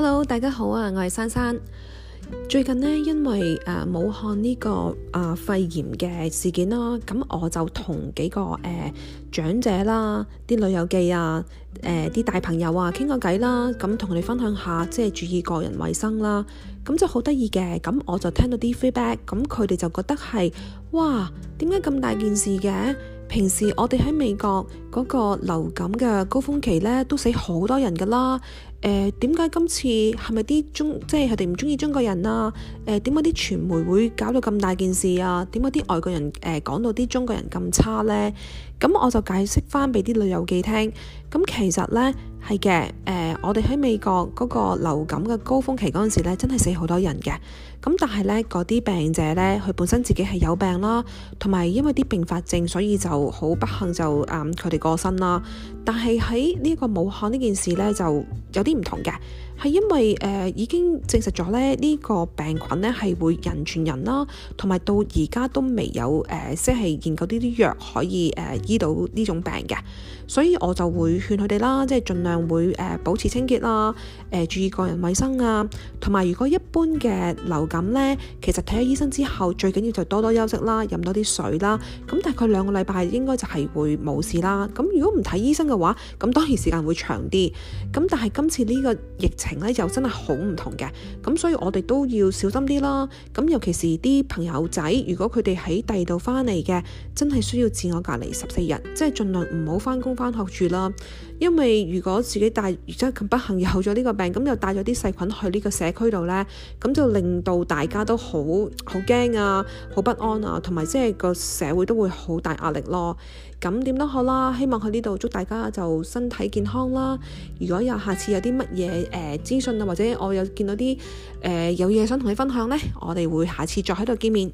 Hello，大家好啊！我係珊珊。最近呢，因為誒、呃、武漢呢、這個啊、呃、肺炎嘅事件啦，咁我就同幾個誒、呃、長者啦、啲老友記啊、誒、呃、啲大朋友啊傾個偈啦，咁同佢哋分享下，即係注意個人衛生啦。咁就好得意嘅，咁我就聽到啲 feedback，咁佢哋就覺得係哇，點解咁大件事嘅？平時我哋喺美國嗰個流感嘅高峰期呢，都死好多人㗎啦。誒，點解今次係咪啲中即係佢哋唔中意中國人啊？誒，點解啲傳媒會搞到咁大件事啊？點解啲外國人誒講到啲中國人咁差呢？咁我就解釋翻俾啲老友記聽。咁其實呢。係嘅，誒、呃，我哋喺美國嗰個流感嘅高峰期嗰陣時咧，真係死好多人嘅。咁但係咧，嗰啲病者咧，佢本身自己係有病啦，同埋因為啲併發症，所以就好不幸就誒佢哋過身啦。但係喺呢個武漢呢件事咧，就有啲唔同嘅，係因為誒、呃、已經證實咗咧呢個病菌咧係會人傳人啦，同埋到而家都未有誒、呃，即係研究呢啲藥可以誒醫到呢種病嘅，所以我就會勸佢哋啦，即係盡量，會誒、呃、保持清潔啦，誒、呃、注意個人衛生啊，同埋如果一般嘅流感呢，其實睇下醫生之後，最緊要就多多休息啦，飲多啲水啦，咁大概兩個禮拜應該就係會冇事啦。咁如果唔睇醫生嘅話，咁當然時間會長啲。咁但係今次呢個疫情呢，又真係好唔同嘅。咁所以我哋都要小心啲啦。咁尤其是啲朋友仔，如果佢哋喺第二度返嚟嘅，真係需要自我隔離十四日，即係盡量唔好返工返學住啦。因為如果我自己大而真咁不幸有咗呢個病，咁又帶咗啲細菌去呢個社區度呢，咁就令到大家都好好驚啊，好不安啊，同埋即係個社會都會好大壓力咯。咁點都好啦，希望喺呢度祝大家就身體健康啦。如果有下次有啲乜嘢誒資訊啊，或者我有見到啲誒、呃、有嘢想同你分享呢，我哋會下次再喺度見面。